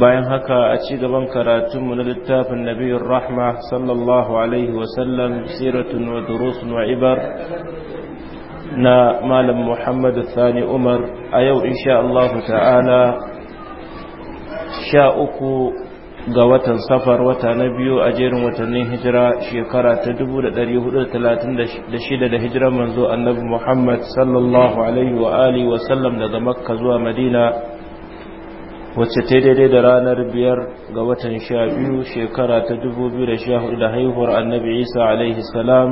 bayan haka a ci gaban karatunmu na littafin nabiyar rahma sallallahu alaihi wasallam siratun wa durusun wa ibar na malam muhammadu thani umar a yau insha Allah ta'ala sha uku ga watan safar wata na biyu a jerin watannin hijira shekara ta 436 da hijiran manzo annabi muhammad sallallahu alaihi wa alihi wasallam daga makka zuwa madina wacce ta daidai da ranar biyar ga watan sha biyu shekara ta dubu biyu da sha hudu da haihuwar annabi isa alaihi salam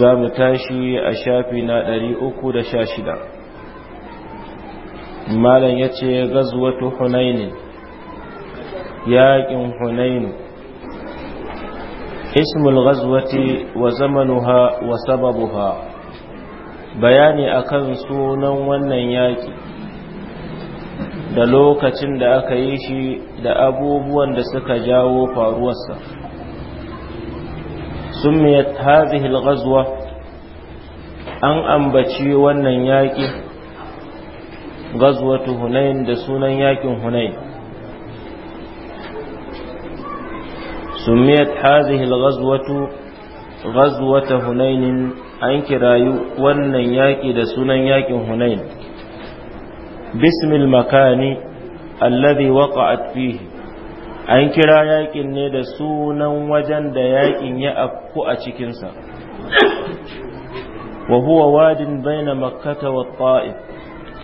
za mu tashi a shafi na ɗari uku da sha shida malam ya ce gazuwatu hunainin yaƙin hunainu ismul gazuwati wa zamanuha wa sababuha bayani akan sunan wannan yaƙi da lokacin da aka yi shi da abubuwan da suka jawo faruwarsa summiyat hadhihi al-ghazwa an ambaci wannan yaki ghazwatu hunayin da sunan yakin hunain summiyat hadhihi al-ghazwatu ghazwata hunayin an kirayu wannan yaki da sunan yakin hunayin. باسم المكان الذي وقعت فيه an kira yakin ne da sunan wajen da yakin ya afku a cikinsa wa huwa wadin baina makkata wa ta'if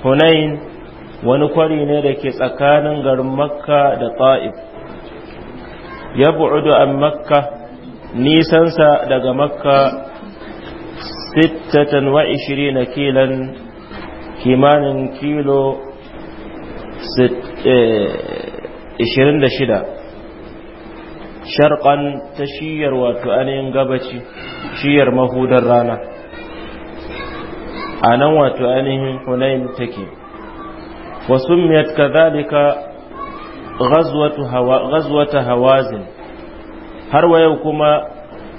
hunain wani kwari ne da ke tsakanin garin makka da ta'if ya bu'udu an makka nisansa daga makka 26 kilan kimanin kilo 26 eh, sharqan ta shiyar wato ainihin gabaci shiyar mahudar rana a nan wato ainihin hunain take wasumiyat kadhalika ghazwatu hawazin har wa yau kuma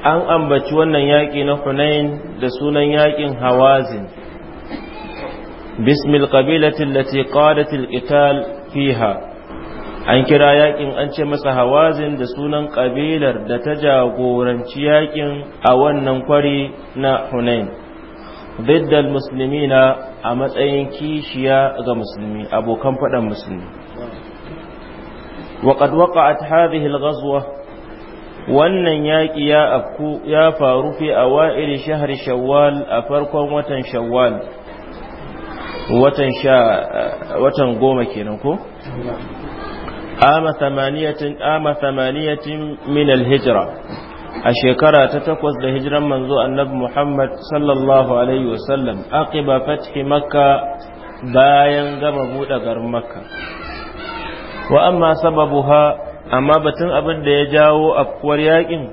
an ambaci wannan yaƙi na hunain da sunan yaƙin hawazin باسم القبيلة التي قادت القتال فيها an kira yakin an ce masa hawazin da sunan kabilar da ta jagoranci yakin a wannan kwari na hunain diddal musulmi na a matsayin kishiya ga musulmi abokan faɗan musulmi waƙad waƙa'at hadhihi al wannan yaƙi ya faru fi awa'il shahr shawwal a farkon watan shawwal watan sha watan goma kenan ko ama thamaniyatin min al-hijra a shekara ta takwas da hijiran manzo annabi Muhammad sallallahu alaihi wasallam aqiba fathi makka bayan gama buɗe garin makka wa amma ha amma batun abin da ya jawo afkuwar yakin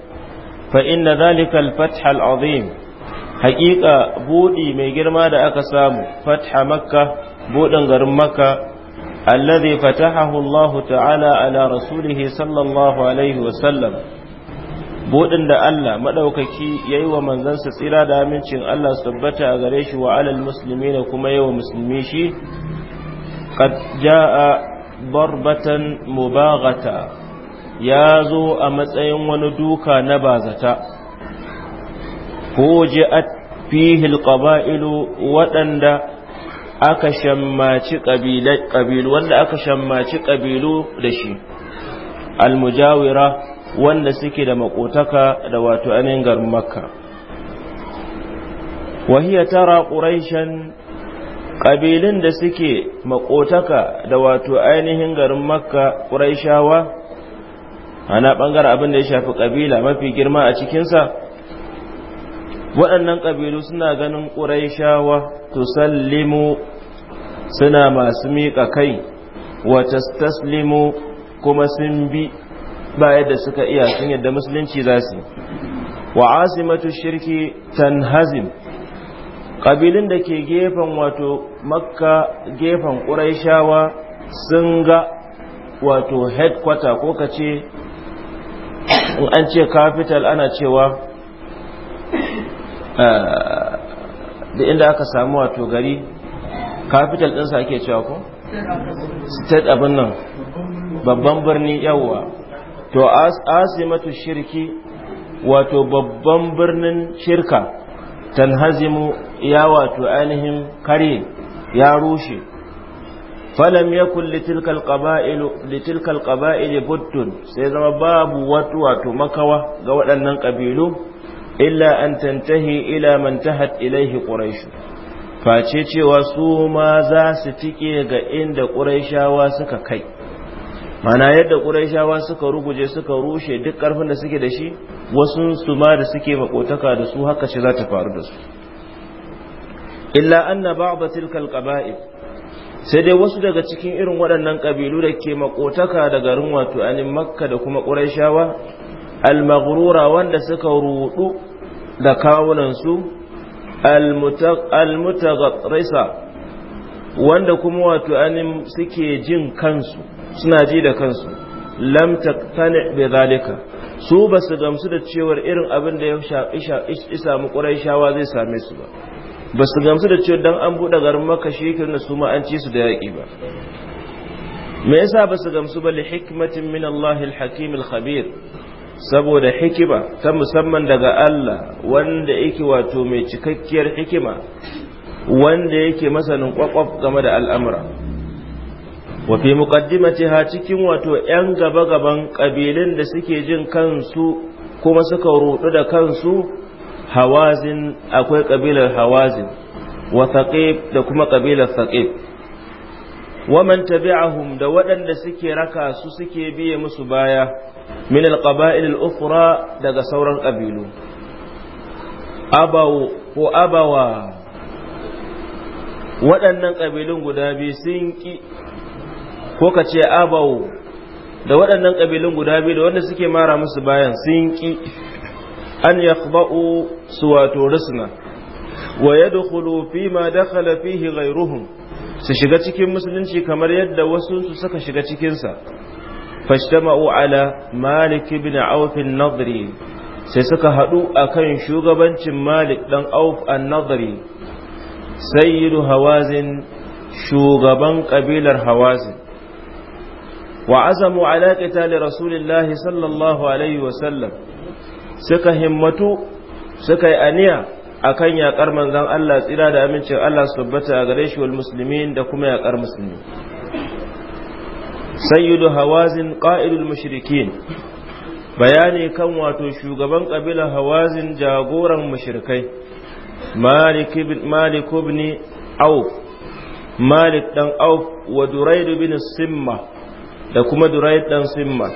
fa inna zalika al-fath al-azim hakika buɗi mai girma da aka samu fatha makka buɗin garin makka alladhi fatahahu Allah ta'ala ala rasulihi sallallahu alaihi wa sallam buɗin da Allah madaukaki yayi wa manzansa tsira da amincin Allah tabbata a gare shi wa alal muslimina kuma yawa musulmi shi qad jaa darbatan mubaghata ya zo a matsayin wani duka na bazata fuji'at fihi alqaba'ilu waɗanda aka shammaci ƙabilu wanda aka shammaci ƙabilu da shi almujawira wanda suke da makotaka da wato ainihin garin makka wahiya tara ƙuraishan ƙabilun da suke makotaka da wato ainihin garin makka ƙuraishawa ana bangar abin da ya shafi ƙabila mafi girma a cikinsa waɗannan ƙabilu suna ganin ƙuraishawa sallimu suna masu miƙa kai wata taslimu kuma sun bi ba yadda suka iya sun yadda musulunci za su wa asimatu shirki tanhazim ƙabilun da ke gefen wato makka gefen ƙuraishawa sun ga wato headquarter ko ka ce an ce capital ana cewa Eh, da inda aka samu wato gari capital ɗinsa ake cewa ko state abin nan babban birni yawwa to asimatu shirki wato babban birnin shirka tanhazimu ya wato ainihin kare ya rushe falam kulle litilkal qaba'il buddun sai zama babu wato wato makawa ga waɗannan ƙabilu illa an tantahi إلى man tahat ilaihi قريش face cewa su ma za su tike ga inda quraishawa suka kai mana yadda quraishawa suka ruguje suka rushe duk karfin da suke da shi wasu su ma da suke makotaka da su haka shi za ta faru da su illa anna ba'd tilkal qaba'id sai dai wasu daga cikin irin waɗannan ƙabilu da ke makotaka da garin wato anin makka da kuma ƙuraishawa almagrura wanda suka rudu da kawunansu almutaghatrisa wanda kuma wato anin suke jin kansu suna ji da kansu lam taqtani bi zalika su ba su gamsu da cewar irin abin da ya samu shawa zai same su ba ba su gamsu da cewar dan an buɗe garin maka shekin da su ma an ci su da yaƙi ba me yasa ba su gamsu ba li hikmatin min Allah al-hakim al-khabir saboda hikima ta musamman daga Allah wanda yake wato mai cikakkiyar hikima wanda yake masanin kwakwaf game da al'amura wa fi ha cikin wato 'yan gaba-gaban ƙabilun da suke jin kansu kuma suka rudu da kansu hawazin akwai ƙabilar hawazin wa da kuma ƙabilar thaqib waman tabi'ahum da waɗanda suke raka su suke biye musu baya min alqaba'il al-ukhra daga sauran ƙabilu abaw ko abawa waɗannan ƙabilun guda biyu sun ki ko ka ce abaw da waɗannan ƙabilun guda biyu da wanda suke mara musu bayan sun ki an yakhba'u su wato risna wa yadkhulu fi ma dakhala fihi ghayruhum su shiga cikin musulunci kamar yadda wasu su suka shiga cikinsa fashtama'u ala malik ibn auf an-nadri sai suka haɗu akan shugabancin malik dan auf an-nadri sayyidu hawazin shugaban kabilar hawazin wa azamu ala qitali rasulillahi sallallahu alaihi wa sallam suka himmatu suka yi niya. akan yaƙar manzan Allah tsira da amincin Allah su tabbata a gare shi wal musulmi da kuma yaƙar musulmi sayyidu hawazin qa'idul mushrikin bayani kan wato shugaban kabilar hawazin jagoran mashirikai malik ibn malik auf malik dan auf wa durai ibn simma da kuma duraid dan simma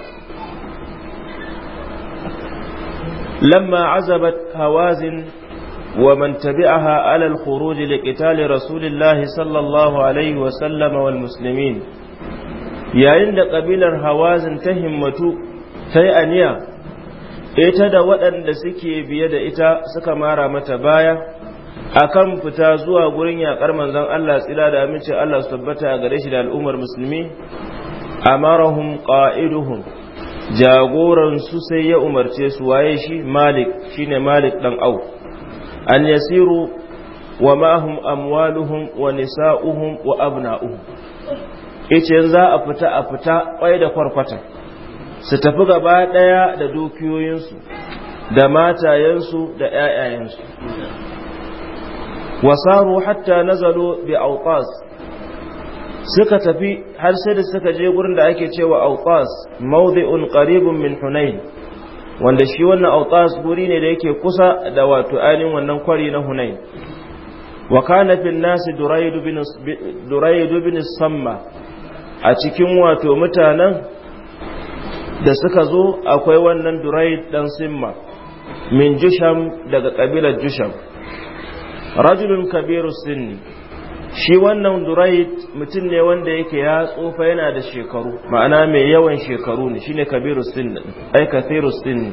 لما عزبت هوازن ومن تبعها على الخروج لقتال رسول الله صلى الله عليه وسلم والمسلمين yayin da ƙabilar hawazin ta himmatu ta yi aniya ita da waɗanda suke biye da ita suka mara mata baya akan fita zuwa gurin yaƙar manzon Allah tsira da amince Allah su tabbata a gare shi da al'ummar musulmi amarahum qa'iduhum jagoran su sai ya umarce su waye shi Malik shine Malik dan au. an yasiru wa mahum amwaluhum wa nisa'uhum wa abna'uhum yace za a fita a fita kwai da kwarkwata su tafi gaba daya da dukiyoyinsu da matayensu da ƴaƴayensu wasaru hatta nazalu bi awqas suka tafi har sai da suka je gurin da ake cewa awqas mawdi'un qaribun min hunain wanda shi wannan autas guri ne da yake kusa da wato ainihin wannan kwari na hunain wa kana fil nasi duraid bin samma a cikin wato mutanen da suka zo akwai wannan duraid dan simma min jusham daga kabilar jusham rajulun kabiru sinni shi wannan durait mutum ne wanda yake ya tsufa yana da shekaru ma'ana mai yawan shekaru ne shine kabiru sin ai kathiru sin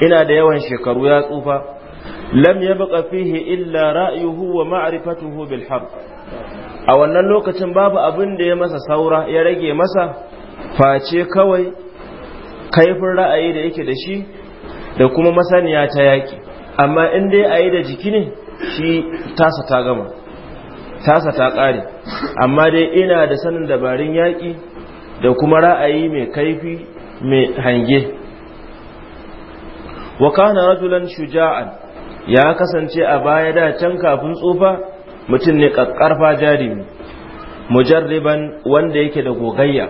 ina da yawan shekaru ya tsufa lam ya yabqa fihi illa ra'yuhu wa ma'rifatuhu bil harb a wannan lokacin babu abin da ya masa saura ya rage masa face kawai kaifin ra'ayi da yake da shi da kuma masaniya ta yaki amma in dai ayi da jiki ne shi tasa ta gama tasa ta ƙare amma dai ina da sanin dabarun yaƙi da kuma ra'ayi mai kaifi mai hange wa kana rajulan shuja'an ya kasance a baya da can kafin tsufa mutum ne kakkarfa jarimi mujarriban wanda yake da gogayya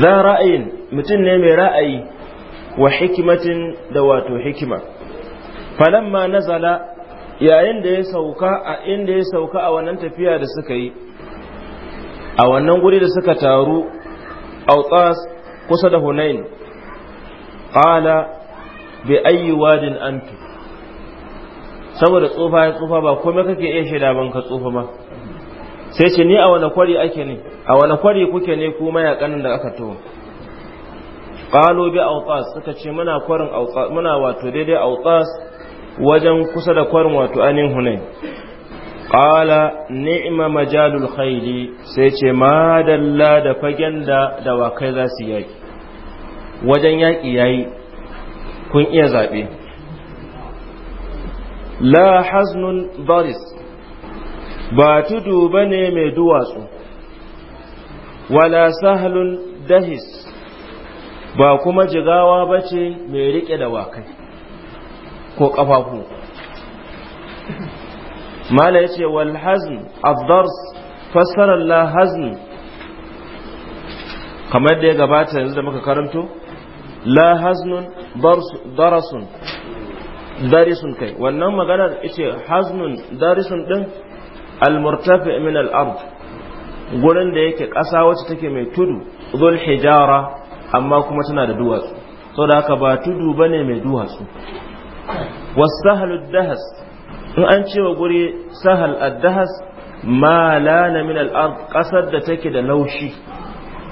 za ra'ayin mutum ne mai ra'ayi wa hikimatin da wato hikima falamma nazala yayin da ya sauka a inda ya sauka a wannan tafiya da suka yi a wannan guri da suka taru autas kusa da hunain qala bi ayi wadin antu saboda tsufa ya tsufa ba komai kake iya shaida ban ka tsufa ba sai ce ni a wani kwari ake ne a wani kwari kuke ne kuma kanin da aka to qalu bi autas suka ce muna kwarin muna wato daidai autas wajen kusa da kwarin wato anin hunain Ƙala ni'ma majalul sai ce ma dalla da fagen da dawakai za su yaƙi wajen yaƙi yayi kun iya zaɓe. la haznun baris ba tudu ne mai duwatsu wala sahalun dahis ba kuma jigawa bace mai riƙe dawakai ko ƙafafu mala ya ce wal hazn abdars fassarar la hazn kamar da ya gabata yanzu da muka karanto la haznun darasun darisun kai wannan maganar ita haznun darisun din almurtafi min al-ard gurin da yake ƙasa wacce take mai tudu zul hijara amma kuma tana da duwatsu saboda haka ba tudu bane mai duwatsu wasahal dahas in an ce wa guri sahal addahas ma lana min al-ard kasar da take da laushi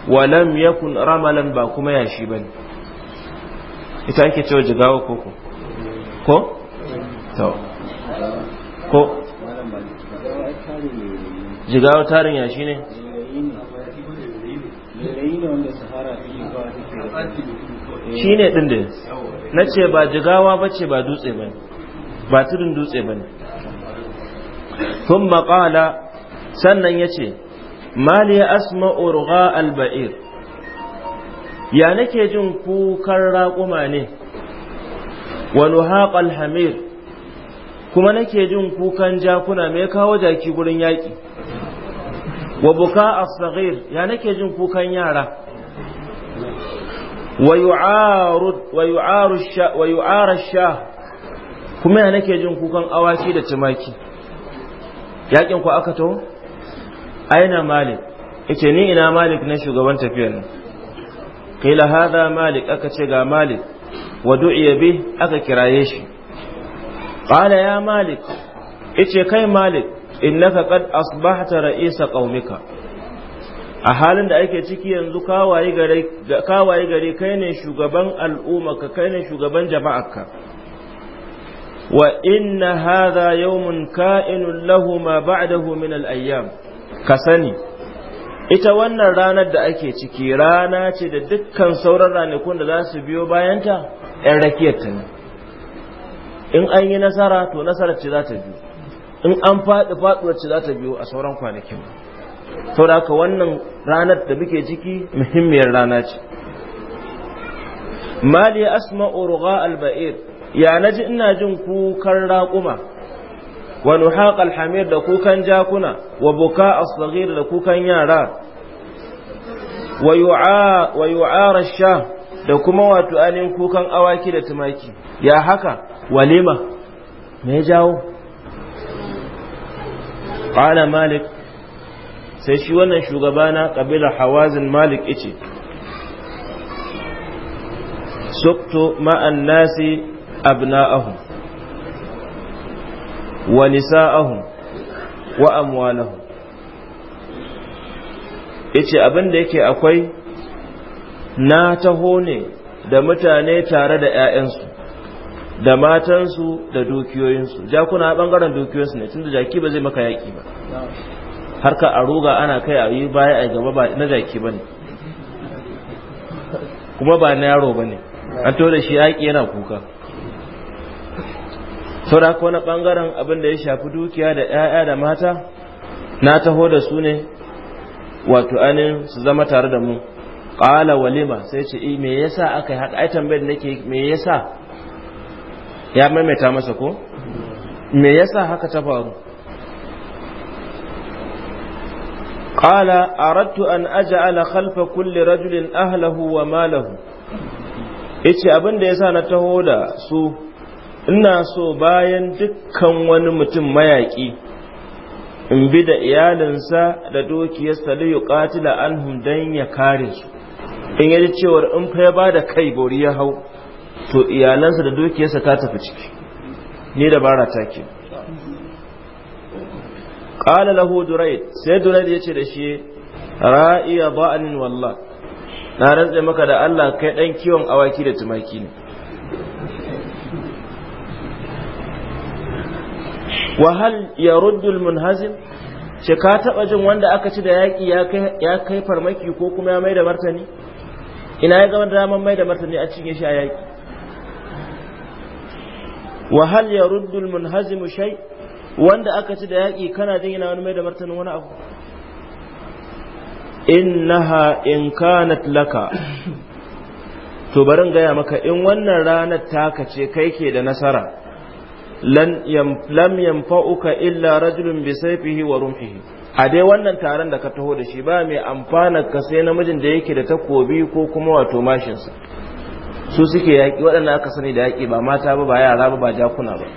wa lam yakun ramalan ba kuma yashi bane ita ake cewa jigawa ko ko to ko jigawa tarin yashi ne shi ne ɗin da na ce ba jigawa ba ce ba dutse ba ba tudun dutse ba ne sun maƙala sannan ya ce mali asma urga alba'ir ya nake jin kukan raƙuma ne Wani nuhaƙal hamir kuma nake jin kukan jakuna mai kawo jaki gurin yaƙi wa buka asagir ya nake jin kukan yara wa yu'aru sha kuma yana nake jin kukan awaki da tumaki yakin ku aka to aina malik yace ni ina malik na shugaban tafiyar nan qila hadha malik aka ce ga malik wa du'iya bi aka kiraye shi qala ya malik yace kai malik innaka qad asbahta ra'isa qaumika a halin da ake ciki yanzu kawaye gare kai ne shugaban al'umma ka kai ne shugaban jama'arka wa inna haza yawmun ka'inun lahu ma ba'adahu min al-ayyam ka sani ita wannan ranar da ake ciki rana ce da dukkan sauran ranakun da za su biyo bayanta 'yan rakiyar ne in an yi nasara to nasarar ce za ta biyo in an faɗi faɗuwar ce za ta biyo a sauran kwanakin saboda haka wannan ranar da muke ciki muhimmiyar rana ce mali asma ruga al-ba'ir ya naji ina jin kukan raƙuma wa nuhaqal hamir da kukan jakuna wa buka a da kukan yara wa yu'a sha? da kuma wato anin kukan awaki da tumaki ya haka walima me ya jawo qala malik sai shi wannan shugaba na ƙabilar hawazin malik ice sukto ma'an nasi abna'ahum wa nisa'ahum wa amwalahum ice abin da yake akwai na taho ne da mutane tare da 'ya'yansu da matansu da dukiyoyinsu jakuna a ɓangaren dukiyoyinsu ne tunda jaki ba zai maka yaƙi ba harka a aruga ana kai a yi baya a gaba ba na jaki ba ne kuma ba na yaro ba ne an to da shi yaƙi yana kuka saura ko na ɓangaren abin da ya shafi dukiya da 'ya'ya da mata na taho da su ne wato anin su zama tare da mu ƙala walima sai ce eh, me yasa aka yi haka ai tambayar nake me yasa ya maimaita masa ko me yasa haka ta faru قال أردت أن أجعل خلف كل رجل أهله malahu. yace abin da ya sa na taho da su ina so bayan dukkan wani mutum mayaƙi in bi da iyalinsa da dokiyarsa da yuqatila dan ya kare su in ji cewar in fa ya bada kai bori ya hau to iyalansa da dokiyarsa ta tafi ciki ni dabara ta ke qala lahu durayd sai durayd yace da shi ra'iya ba'an wallah na rantse maka da Allah kai dan kiwon awaki da tumaki ne wa hal yaruddu almunhazim ce ka taba jin wanda aka ci da yaki ya kai ya kai farmaki ko kuma ya mai da martani ina ya zama da mai da martani a cinye shi a yaki wa hal yaruddu almunhazim shay' wanda aka ci da yaƙi kana jin yana wani mai da martanin wani abu innaha in kanat laka to barin gaya maka in wannan ranar taka ce kai ke da nasara lam yanfa'uka illa rajulun bi sayfihi wa rumhihi a dai wannan taron da ka taho da shi ba mai amfana ka sai namijin da yake da takobi ko kuma wato mashinsa su suke yaƙi waɗanda aka sani da yaƙi ba mata ba ba yara ba ba jakuna ba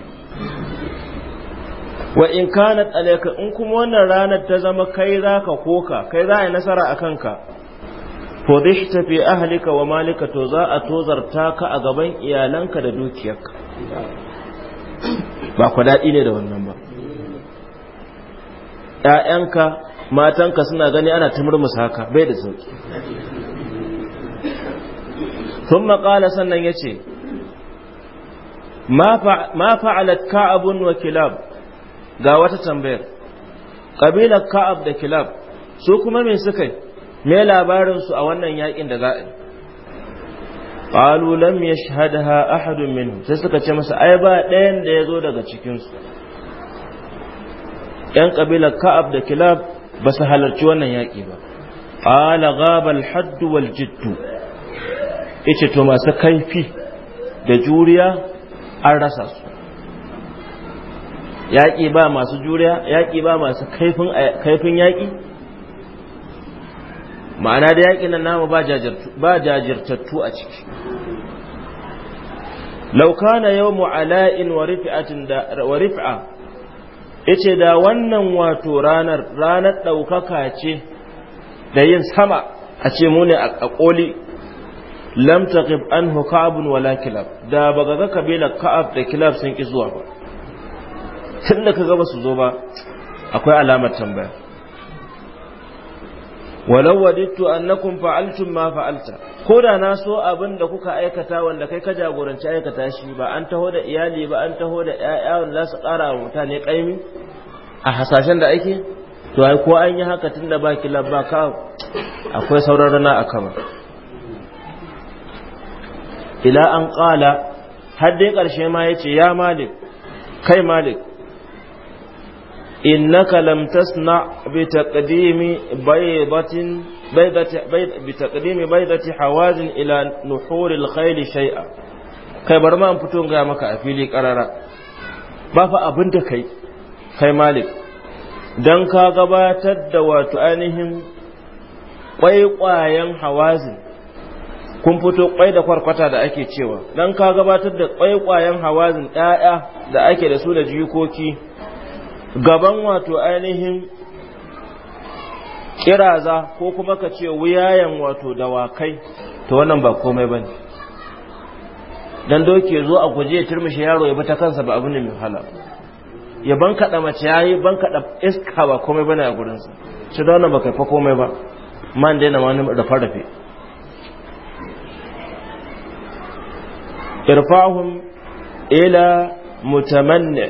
wa in kanat alayka in kuma wannan ranar ta zama kai zaka koka kai za a yi nasara a kanka fudhihta fi ahlika wa malika to za a tozarta ka a gaban iyalanka da dukiyarka ba ku daɗi ne da wannan ba ƴaƴanka matanka suna gani ana ta murmusa haka bai da sauki sun maƙala sannan ya ce ma fa'alat ka abun wa kilab ga wata tambayar ƙabilar ka'ab da kilab su kuma me suka yi me labarin su a wannan yakin da za a yi lam ya shahadaha ahadun sai suka ce masa ai ba ɗayan da ya zo daga cikinsu ‘yan ƙabilar ka'ab da kilab ba su halarci wannan yaki ba ƙala gabal haddu wal jiddu ice to masu kaifi da juriya an rasa su yaƙi ba masu juriya yaƙi ba masu kaifin yaƙi ma'ana da yaƙi nan namu ba jajirtattu a ciki laukana yau mu'ala'in wa rif'a ice da wannan wato ranar ranar ɗaukaka ce da yin sama a ce mu a ƙoli lamta taqib an wala kilab da baga ga kabilar ka'af da kilab sun ki zuwa ba Tunda ka gaba su zo ba akwai alamar tambaya walau wadittu annakum fa'altum ma fa'alta ko da na so abin da kuka aikata wanda kai ka jagoranci aikata shi ba an taho da iyali ba an taho da ƴaƴa wanda za su ƙara wa mutane ƙaimi a hasashen da ake to ai ko an yi haka tunda ba baki labba ka akwai sauran rana a kama ila an ƙala har dai ƙarshe ma ya ce ya malik kai malik innaka lam tasna bi taqdimi baydatin baydati bi taqdimi baydati hawazin ila nuhuril khayl shay'a kai bar ma an fito ga maka a fili karara ba fa abin da kai kai malik dan ka gabatar da wato ainihin kwaikwayen hawazin kun fito kwai da kwarkwata da ake cewa dan ka gabatar da kwaikwayen hawazin ɗaya da ake da su da jikoki gaban wato ainihin kiraza ko kuma ka ce wuyayen wato dawakai to wannan ba komai ba ne. dan doke zo a guje turmushe yaro ya bi ta kansa ba abu ne mai hala ya ban kaɗa mace ya yi ban kaɗa iska ba komai ne a gurin sa shi da wannan ba kai fa komai ba man daina na ma da farafe Irfahun ila mutamanni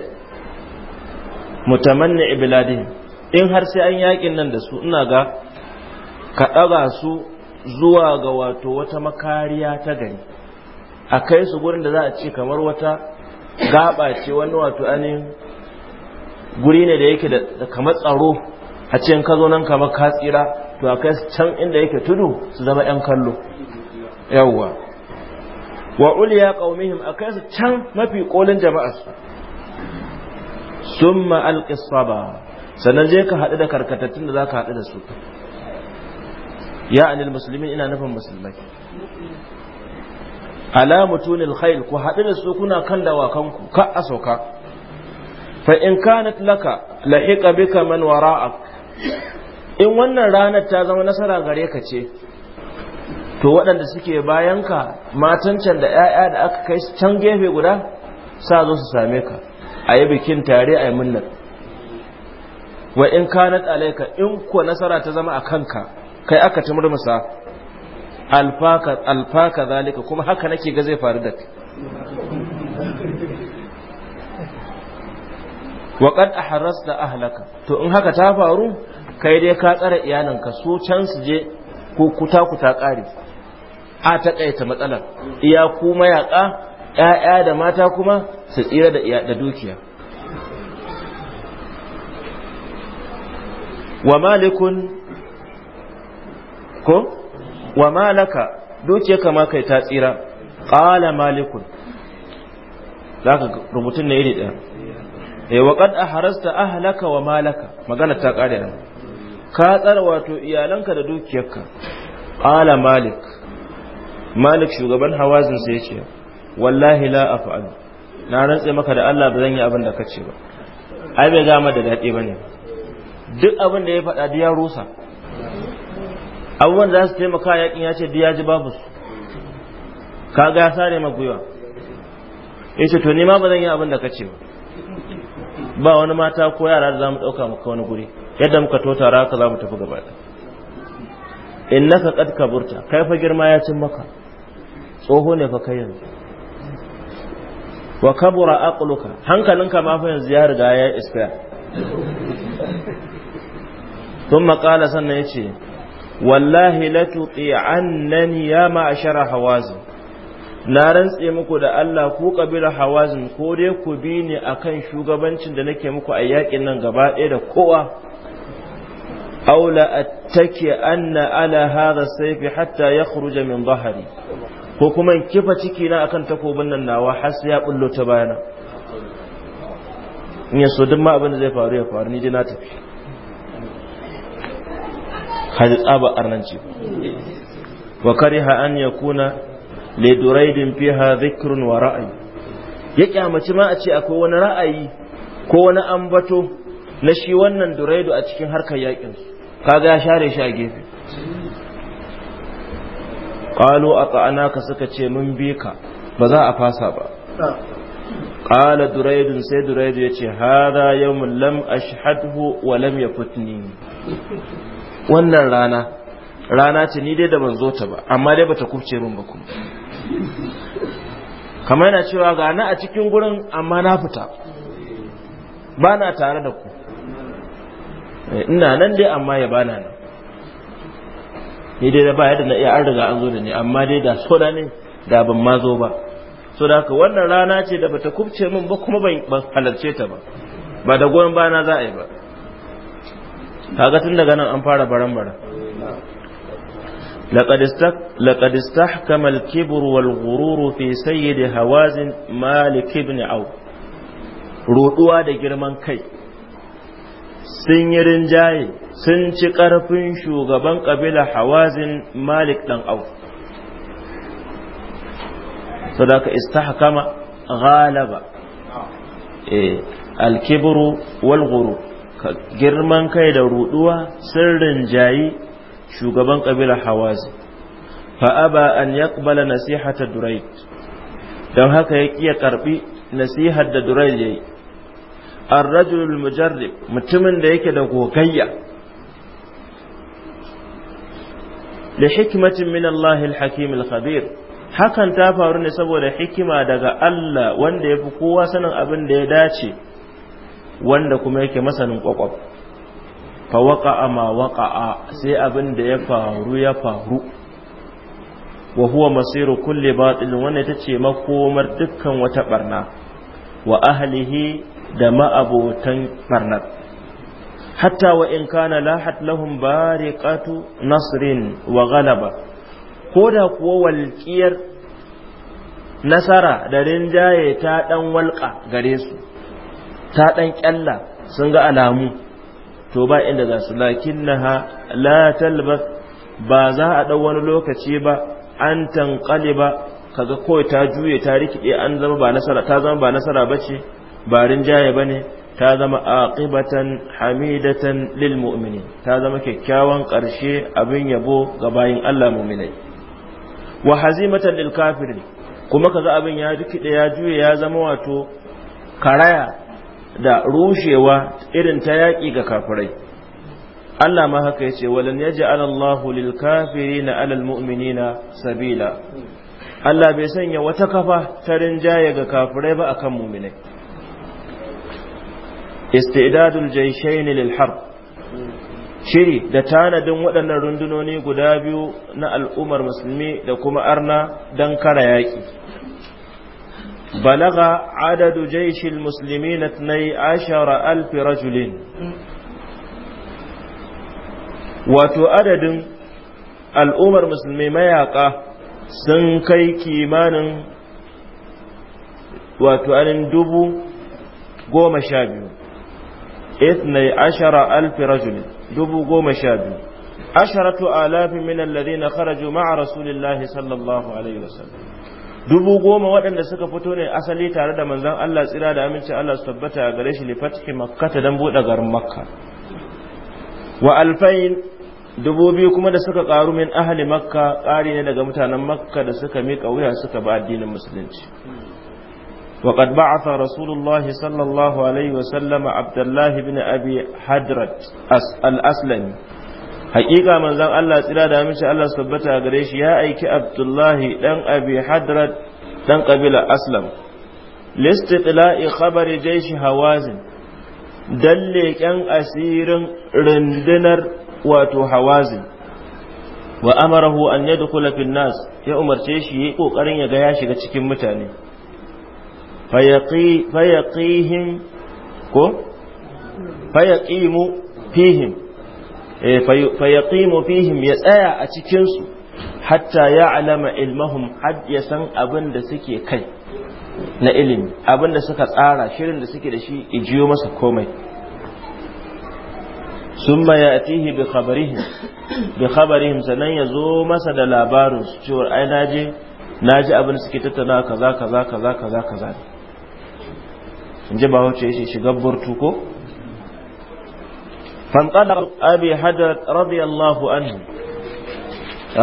mutamanni ibladin in har sai an yakin nan da su ina ga ka ɗaga su zuwa ga wato wata makariya ta gari a kai su gurin da za a ce kamar wata gaba ce wani wato anin guri ne da yake da kamar tsaro a ce ka zo nan kamar ka tsira to a kai su can inda yake tudu su zama 'yan kallo yawwa wa uliya qaumihim a kai su can mafi kolin jama'arsu summa alqisaba sannan je ka haɗu da karkatattun da zaka ka haɗu da su ya anil musulmin ina nufin musulmai ala mutunil ku haɗu da su kuna kan dawakanku ka a sauka fa in kanat laka lahiqa bika man wara'ak in wannan ranar ta zama nasara gare ka ce to waɗanda suke bayanka matan can da 'ya'ya da aka kai can gefe guda sa zo su same ka a yi bikin tare a yi munnar wa in kanat alaika in kuwa nasara ta zama a kanka kai aka ta murmusa alfaka zalika kuma haka nake ga zai faru da kai wa kad da ahlaka to in haka ta faru kai dai ka tsara iyalanka so can su je ko kuta kuta kare a taƙaita matsalar iya kuma yaƙa 'ya'ya da mata kuma su tsira da dukiya wa malikun ko wa malaka dukiya kama kai ta tsira ƙala malikun za ka rubutun na iri ɗaya Ya eh, wa kad aharasta ahlaka wa malaka magana ta ƙare nan ka tsara wato iyalanka da dukiyarka ƙala malik malik shugaban hawazin sai ya ce wallahi la af'al na rantse maka da Allah ba zan yi abin da kace ba ai bai gama da dadi bane duk abin da ya faɗa da ya rusa abubuwan za su taimaka yakin ya ce ya ji babu su kaga ya sare ma gwiwa ya ce to ni ma ba zan yi abin da kace ba ba wani mata ko yara da za mu ɗauka maka wani guri yadda muka tota tara ka za mu tafi gaba innaka kad kaburta kai fa girma ya cin maka tsoho ne fa kai yanzu wa kabura aqluka hankalinka ma fa yanzu ya riga ya iska thumma qala sannan yace wallahi la tuqi'annani ya ashara hawazin na rantse muku da Allah ku kabila hawazin ko dai ku bi ni akan shugabancin da nake muku a yakin nan gaba ɗaya da kowa Aula attaki anna ala hadha sayfi hatta yakhruja min dhahri ko kuma in kifa ciki na akan takobin nan nawa har sai ya bullo ta bayana in ya so duk ma abin da zai faru ya faru ni je na tafi hadis tsaba arnanci wa kariha an yakuna li duraidin fiha dhikrun wa ra'ayi ya kyamaci ma a ce akwai wani ra'ayi ko wani ambato na shi wannan duraidu a cikin harkar yakin kaga ya share shi a gefe qalu ka suka ce mun bi ka ba za a fasa ba qala duraidun sai duraidu yace hada yawmun lam ashhadhu wa lam yafutni wannan rana rana ce ni dai da ban zo ta ba amma dai bata kubce min ba kuma kamar yana cewa ga na a cikin gurin amma na fita ba na tare da ku eh, ina nan dai amma ya bana nan ni dai da ba yadda na iya an riga an zo da ni amma dai da so da ne da ban ma zo ba so da haka wannan rana ce da bata kubce min ba kuma ban halarce ta ba ba da goyon bana za a yi ba kaga tun daga nan an fara baran bara لقد استحكم الكبر والغرور في سيد هوازن مالك بن عوف ruɗuwa da girman kai sun yi rinjaye sun ci ƙarfin shugaban ƙabila hawazin malik ɗan au. sadaka istahkama ghalaba eh, alkibru wal ka girman kai da ruduwa sun rinjaye shugaban ƙabila hawazin fa'aba an ya ƙubala nasihata durai. don haka ya ƙiya karɓi nasihar da durai yayi. arrajulul mujarrib mutumin da yake da gogayya li hikmatin min Allah khabir hakan ta faru ne saboda hikima daga Allah wanda yafi kowa sanin abin da ya dace wanda kuma yake masanin kwakwab fa waqa'a ma waqa'a sai abin da ya faru ya faru wa huwa masiru kulli batil wannan tace makomar dukkan wata barna wa ahlihi da ma'abotan barnat hatta wa in kana lahat lahum bariqatu nasrin wa ghalaba ko da kuwa walƙiyar nasara da rinjaye ta ɗan walƙa gare su ta ɗan ƙyalla sun ga alamu to ba inda za su lakin na la talba ba za a ɗau wani lokaci ba an tankali ba kaga kawai ta juye ta rikide an zama ba nasara ta zama ba nasara ba ce ba rinjaye ne ta zama aqibatan hamidatan lil mu'minin ta zama kyakkyawan ƙarshe abin yabo ga bayin Allah mu'minai wa hazimatan lil kafirin kuma kaza abin ya da ya juye ya zama wato karaya da rushewa irin ta yaƙi ga kafirai Allah ma haka yace walan yaj'al Allahu lil ala al mu'minina sabila Allah bai sanya wata kafa ta rinjaye ga kafirai ba akan mu'minai istidadul jayshayn lil harb shiri da tanadin waɗannan rundunoni guda biyu na al'ummar musulmi da kuma arna don kara yaƙi balaga adadu jaishil musulmi na tunai ashara alfi rajulin wato adadin al'ummar musulmi mayaƙa sun kai kimanin wato dubu goma sha biyu ithnai ashara alfi rajul dubu goma sha biyu asharatu alafin min alladhina kharaju ma'a rasulillahi sallallahu alaihi wasallam dubu goma waɗanda suka fito ne asali tare da manzon Allah tsira da aminci Allah su tabbata a gare shi li fatki makkata dan bude garin makka wa alfain dubu biyu kuma da suka karu min ahli makka ƙari ne daga mutanen makka da suka miƙa wuya suka ba addinin musulunci وقد بعث رسول الله صلى الله عليه وسلم عبد الله بن أبي حدرت الأسلمي حقيقة من ذن الله سلا دامش الله سبتها قريش يا أيك عبد الله دن أبي حدرت دن قبيل أسلم لاستقلاء خبر جيش هوازن دلك أن أسير رندنر واتو هوازن وأمره أن يدخل في الناس يا أمر جيش يقو قرن يغياش كتكين متاني fayaqihim ko fayaqimu fihim eh, fayaqimu fihim ya tsaya a cikin su hatta ya'lama ilmahum had ya san abin da suke kai na ilimi abin da suka tsara shirin da suke da shi ijiyo masa komai summa ya'tihi bi khabarihim bi khabarihim sanan yazo masa da labarin su cewa ai naje naji abin da suke tattauna kaza kaza kaza kaza kaza in ji bahaushe shi shigar burtu ko fanqala abi hadar radiyallahu anhu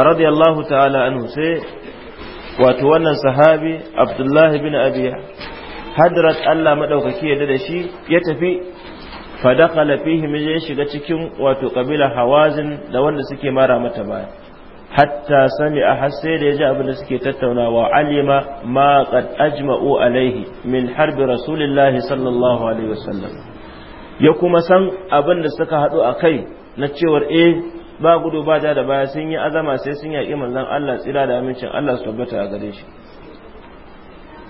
radiyallahu ta'ala anhu sai wato wannan sahabi abdullahi bin abi hadrat Allah maɗaukaki ya da shi ya tafi fadakala fihi ya shiga cikin wato kabila hawazin da wanda suke mara mata baya hatta sami'a a sai da ya ji abin da suke tattaunawa alima ma qad ajma'u alaihi min harbi rasulillahi sallallahu alaihi wasallam ya kuma san abin da suka haɗu a kai na cewar eh ba gudu ba da da baya sun yi azama sai sun yaƙi manzon Allah tsira da amincin Allah su tabbata a gare shi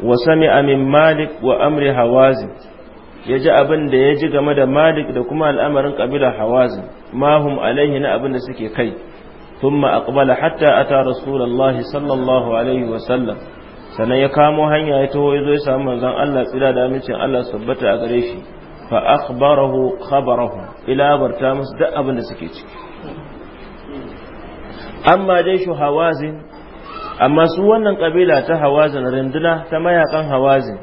wa sami min malik wa amri hawazin ya ji abin da ya ji game da malik da kuma al'amarin kabilar hawazin mahum alaihi na abin da suke kai ثم أقبل حتى أتى رسول الله صلى الله عليه وسلم sannan ya kamo hanya ya taho ya zo ya samu manzon Allah tsira da amincin Allah sabbata a gare shi fa akhbarahu khabarahu ila barta musu duk abin da suke ciki amma dai shu hawazin amma su wannan kabila ta hawazin rinduna ta mayakan hawazin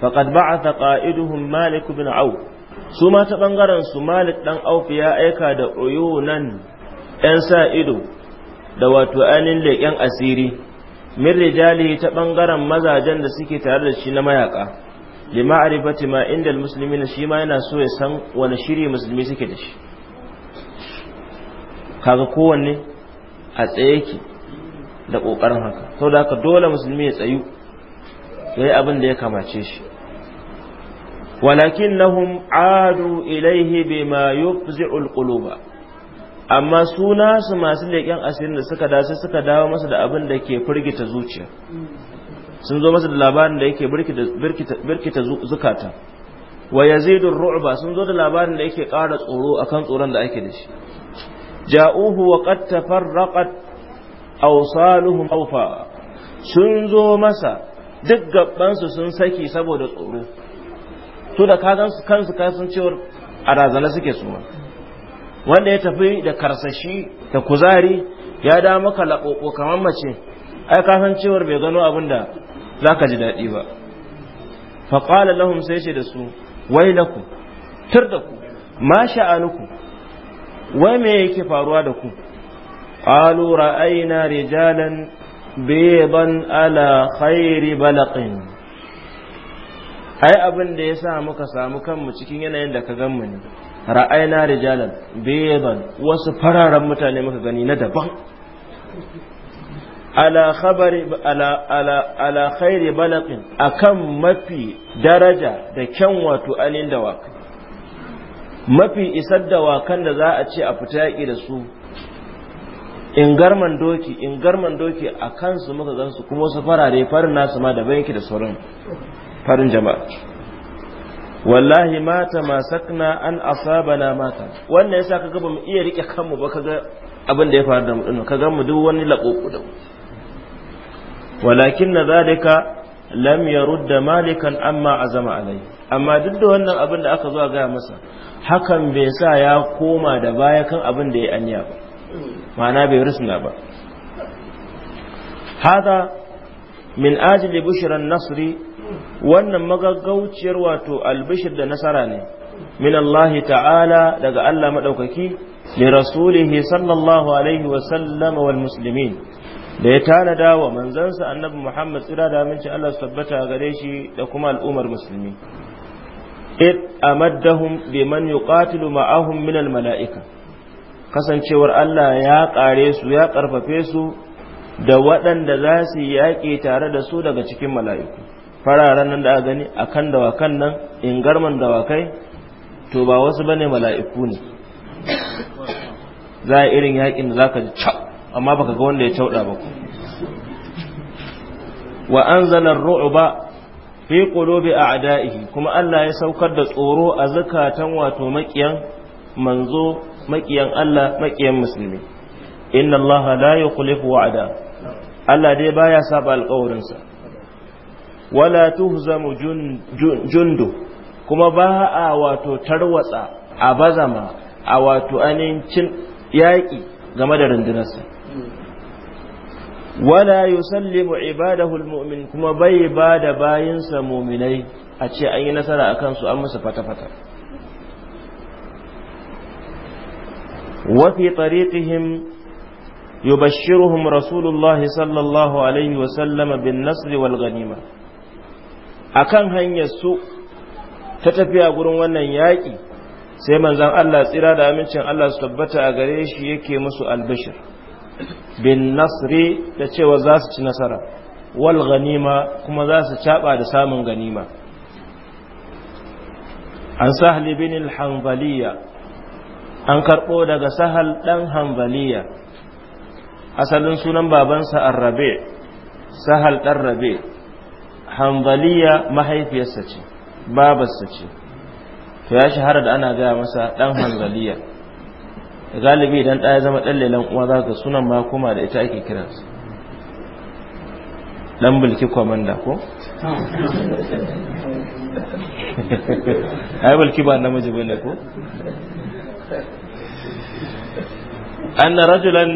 faqad ba'atha qa'iduhum malik bin Aw. su ma ta bangaren su malik dan auf ya aika da uyunan 'yan sa ido da wato ainihin leƙen asiri min rijalihi ta ɓangaren mazajen da suke tare da shi na mayaƙa lima rifati ma inda musulmi na shi ma yana so ya san wani shiri musulmi suke da shi kaga kowanne a tsaye ki da ƙoƙarin haka sau da haka dole musulmi ya tsayu ya yi abin da ya kamace shi walakin nahum adu ilaihi bima yufzi'ul quluba amma su masu leƙen asirin da suka dace suka dawo masa da abin da ke firgita zuciya sun zo masa da labarin da yake birkita zukata wa yazidur ru'ba sun zo da labarin da yake ƙara tsoro a kan tsoron da ake da shi ja'uhu wa qad tafarraqat awsaluhum awfa sun zo masa duk gabban sun saki saboda tsoro to da ka gansu kansu cewar a razana suke suma wanda ya tafi da karsashi da kuzari ya da maka laƙoƙo kamar mace ai ka san cewar bai gano abin da za ka ji daɗi ba faƙala lahum sai ce da su wai ku, tur da ku ma sha'anuku wai me yake faruwa da ku qalu ra'ayna rijalan bidan ala khairi balaqin ai abin da yasa muka samu kanmu cikin yanayin da ka ganmu ne ra'ayna rijalan bayban wasu fararen mutane muka gani na daban ala khabari ala ala ala khairi balaqin akan mafi daraja da kyan wato anin dawakai mafi isar dawakan da za a ce a fita yaƙi da su in garman doki in garman doki a kansu muka gansu kuma wasu farare farin nasu ma da banki da sauran farin jama'a wallahi mata masakna an asabana mata wannan yasa kaga ba mu iya rike kanmu ba kaga abin da ya faru da mu dinnan kaga mu duk wani laƙoƙo da walakin na zalika lam yarudda malikan amma azama alai amma duk da wannan abin da aka zo ga masa hakan bai sa ya koma da baya kan abin da ya anya ba ma'ana bai rusuna ba hada min ajli bushran nasri wannan magaggauciyar wato albishir da nasara ne min Allah ta'ala daga Allah madaukaki li rasulihi sallallahu alaihi wa sallam wal muslimin da ya tanada wa manzansa annabi Muhammad tsira da aminci Allah su tabbata gare shi da kuma al'ummar musulmi id amaddahum biman yuqatilu ma'ahum min al mala'ika kasancewar Allah ya kare su ya karfafe su da waɗanda za su yaƙi tare da su daga cikin mala'iku fararen nan da aka gani akan dawakan nan in garman dawakai to ba wasu bane mala'iku ne za a irin yaƙin da zaka ji cha amma baka ga wanda ya cauda ba ku wa anzala ar-ru'ba fi qulubi a'da'ihi kuma Allah ya saukar da tsoro a zakatan wato makiyan manzo makiyan Allah makiyan musulmi inna Allah la yukhlifu wa'da Allah dai baya saba alƙawarinsa wala tuhzamu jundu kuma ba a wato tarwatsa a bazama a wato anincin yaƙi game da rundunarsa wala yusallimu ibadahu almu'min kuma bai ba da bayinsa muminai a ce an yi nasara a kansu an musu fata-fata wafi tariqihim yubashshiruhum rasulullahi sallallahu alaihi wa sallama bin nasri wal ganima akan hanyar su ta tafiya gurin wannan yaƙi sai manzan Allah tsira da amincin Allah su tabbata a gare shi yake musu albishir bin nasri da cewa za su ci nasara wal ganima kuma za su caɓa da samun ganima an sahli bin al-hanbaliya an karɓo daga sahal ɗan hanbaliya asalin sunan babansa arrabe sahal ɗan rabe hanbaliya mahaifiyarsa ce babarsa ce to ya shahara da ana gaya masa dan hanbaliya galibi idan ɗaya zama ɗan lelan uwa za ka sunan ma kuma da ita ake su. dan bulki kwamanda ko ai bulki ba namiji bane ko anna rajulan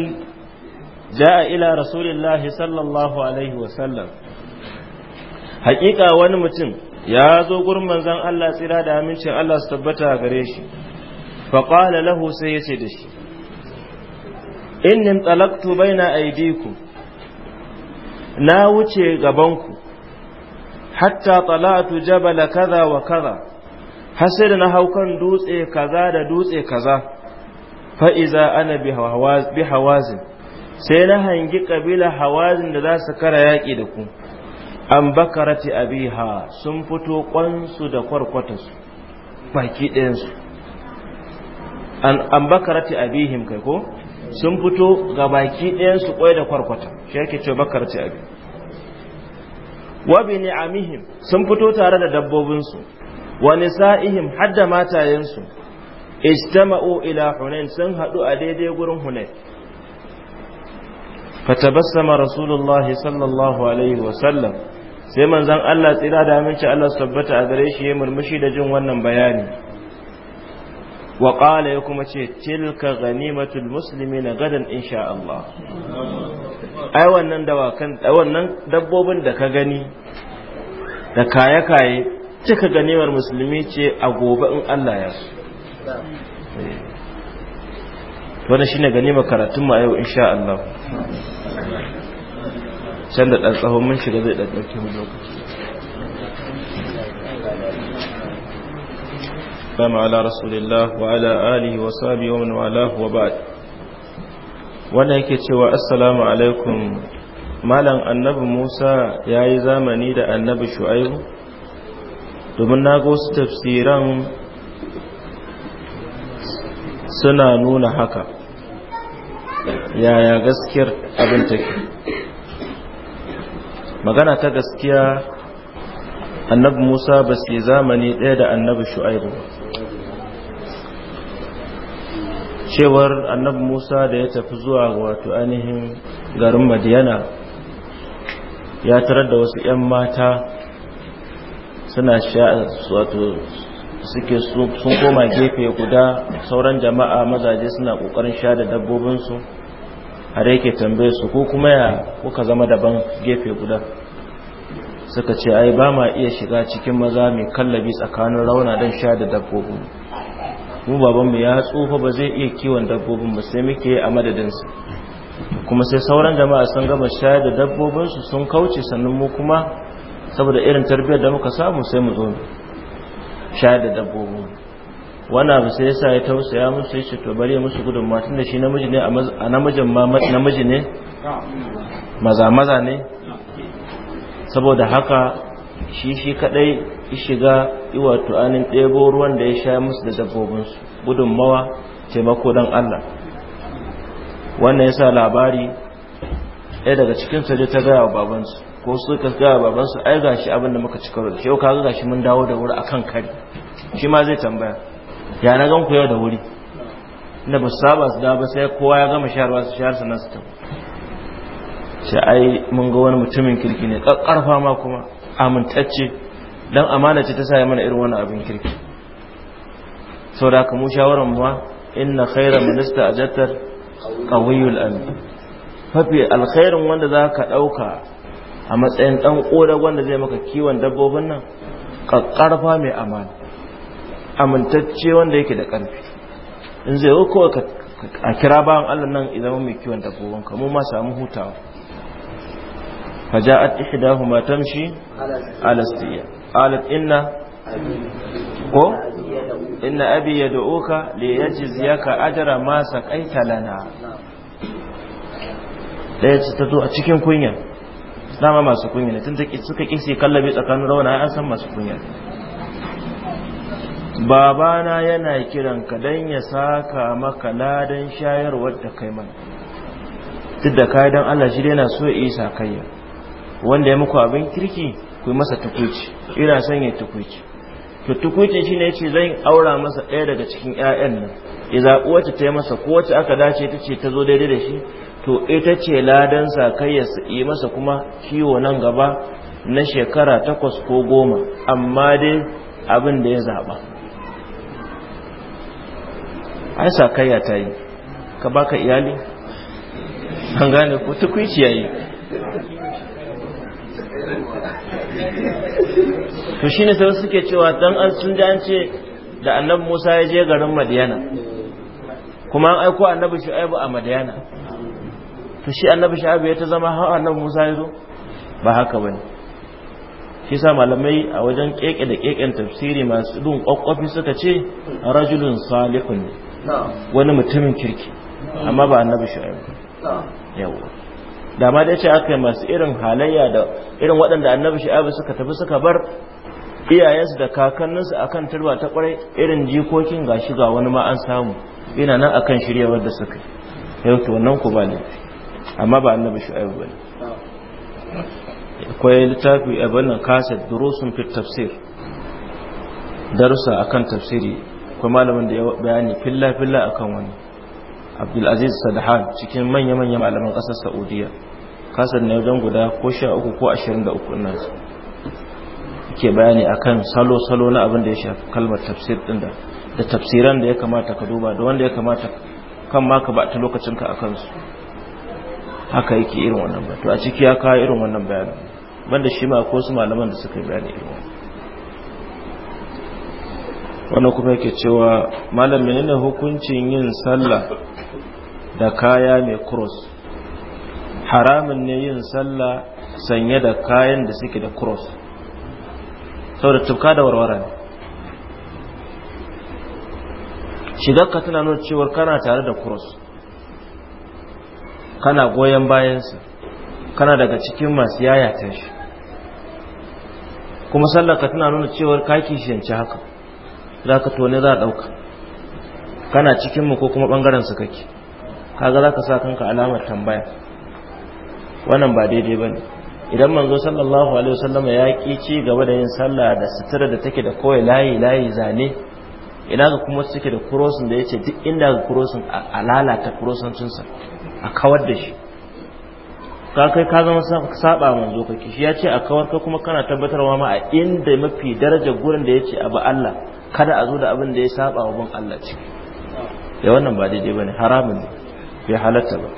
jaa ila rasulillahi sallallahu alaihi wa sallam hakika wani mutum ya zo gurin manzon Allah tsira da amincin Allah su tabbata gare shi fa qala lahu sai yace da shi inni talaqtu baina aydikum na wuce gabanku hatta talatu jabala kaza wa kaza har da na hau kan dutse kaza da dutse kaza fa iza ana bi hawazin sai na hangi kabila hawazin da za su kara yaƙi da ku an bakarati abiha sun fito kwansu da kwarkwatansu baki ɗayansu an bakarati abihim kai ko sun fito ga baki ɗayansu kwai da kwarkwata shi yake ce bakarati abi wa bi ni'amihim sun fito tare da dabbobinsu wa nisa'ihim hadda matayensu ijtama'u ila hunain sun haɗu a daidai gurin hunain fatabassama rasulullahi sallallahu alaihi wa sallam sai manzan Allah tsira da aminci Allah su tabbata a gare shi ya murmushi da jin wannan bayani wa ƙala ya kuma ce tilka ghanimatul muslimina gadan insha Allah ai wannan dawakan wannan dabbobin da ka gani da kaye kaye cika ganimar musulmi ce a gobe in Allah ya su eh. wani shine ganimar karatun mu a yau insha Allah can da ɗan tsawon mun shiga zai ɗaɗɗauke mu lokaci Salamu ala rasulillah wa ala alihi wa sabi wa wala wa ba'd wanda yake cewa assalamu alaikum malam annabi Musa ya yi zamani da annabi Shu'aibu domin na ga wasu tafsiran suna nuna haka yaya gaskiyar abin take magana ta gaskiya annabi musa ba su zamani ɗaya da annabi shu'aibu cewar annabi musa da ya tafi zuwa wato ainihin garin madiyana ya tarar da wasu 'yan mata suna sha wato suke sun koma gefe guda sauran jama'a mazaje suna ƙoƙarin sha da dabbobinsu har yake tambaye su ko kuma ya kuka zama daban gefe guda suka ce ai ba ma iya shiga cikin maza mai kallabi tsakanin rauna don sha da dabbobin mu babanmu ya tsufa ba zai iya kiwon dabbobin ba sai muke a madadinsa kuma sai sauran jama'a sun gama sha da dabbobin su sun kauce sannan mu kuma saboda irin tarbiyyar da muka samu sai mu zo sha da dabbobin wannan abu sai yasa ya tausaya musu ya to bari musu gudun ma tunda shi namiji ne a namijin ma namiji ne maza maza ne saboda haka shi shi kadai shiga iwa tu'anin ɗebo ruwan da ya sha musu da dabbobinsu gudunmawa taimako don Allah wannan yasa labari ɗaya daga cikin sai ta gaya wa babansu ko su ka gaya wa babansu ai gashi abin da muka ci karo da shi yau kaga gashi mun dawo da wuri akan kari shi ma zai tambaya ya na gan ku yau da wuri inda ba su saba su ba sai kowa ya gama shayarwa su shayar sannan su tafi a ai mun ga wani mutumin kirki ne ƙarfa ma kuma amintacce dan amana ce ta sa mana irin wani abin kirki sau da mu shawarar mu inna khaira minista ajatar qawiyul an fafi alkhairin wanda za ka ɗauka a matsayin ɗan ƙodar wanda zai maka kiwon dabbobin nan ƙaƙƙarfa mai amana amintacce wanda yake da ƙarfi in zai yi a kira bayan allah nan idan mai kiwon dabbobin ka mu ma samu hutawa faja'at ihdahuma tamshi ala istiya qalat inna ko inna abi yad'uka li yajziyaka ajra ma saqaita lana daya ce ta zo a cikin kunya dama masu kunya ne tun suka kisi kallabi tsakanin rawana an san masu kunya babana yana kiran ka don ya saka maka ladan shayarwar da kai mana duk da kai don Allah shi dai na so yi sakayya wanda ya muku abin kirki ku yi masa tukuci ina son ya tukuci to tukuci shine yace zan aura masa ɗaya daga cikin 'ya'yan nan ya zaɓi wacce ta yi masa ko wacce aka dace ta ce ta zo daidai da shi to ita ce ladan sakayya su yi masa kuma kiwo nan gaba na shekara takwas ko goma amma dai abin da ya zaɓa ai sakayya ta yi ka baka iyali an gane ko tukwici ya yi to shi ne sai suke cewa dan an sun ji an ce da annabi musa ya je garin madiyana kuma an aiko annabi shu'aibu a madiyana to shi annabi shu'aibu ya ta zama har annabi musa ya zo ba haka bane shi sa malamai a wajen keke da keken tafsiri masu dun kwakwafi suka ce rajulun salihun ne wani mutumin kirki amma ba annabi shu'aib yawa da ma dai ce aka yi masu irin halayya da irin waɗanda annabi shu'aib suka tafi suka bar iyayensu da kakanninsu akan turba ta kwarai irin jikokin ga ga wani ma an samu yana nan akan shiryawar da suka yau to wannan ku ba amma ba annabi shu'aib ba ne akwai littafi abin nan kasa durusun fit tafsir darussa akan tafsiri akwai malamin da ya bayani filla filla akan wani abdulaziz sadahan cikin manya manya malaman ƙasar saudiya kasar na wajen guda ko sha uku ko ashirin da uku nasu ke bayani akan salo salo na abin da ya shafi kalmar tafsir din da da tafsiran da ya kamata ka duba da wanda ya kamata kan ma ka ba ta lokacin ka a kansu. haka yake irin wannan ba to a ciki ya kawo irin wannan bayanin banda shi ma ko su malaman da suka yi bayani irin wannan wani kuma yake cewa malam menene hukuncin yin sallah da kaya mai cross haramun ne yin sallah sanye da kayan da suke da cross saboda tuka da warware ne ka tana nuna cewar kana tare da cross kana goyon bayansa kana daga cikin masu yayata shi kuma ka tana nuna cewar ka kishiyanci haka za ka tone za a ɗauka kana cikinmu ko kuma ɓangaren su kake kaga za ka sa kanka alamar tambaya wannan ba daidai ba ne idan manzo sallallahu alaihi wasallam ya ƙi ci gaba da yin sallah da sutura da take da kawai layi layi zane ina ga kuma suke da kurosin da ya ce duk inda ga kurosin a lalata kurosancinsa a kawar da shi ka kai ka zama saba manzo kake shi ya ce a kawar ka kuma kana tabbatarwa ma a inda mafi daraja gurin da ya ce abu Allah kada a zo da abin da ya saba wa bin Allah ce ya wannan ba daidai bane haramun ne bai halatta ba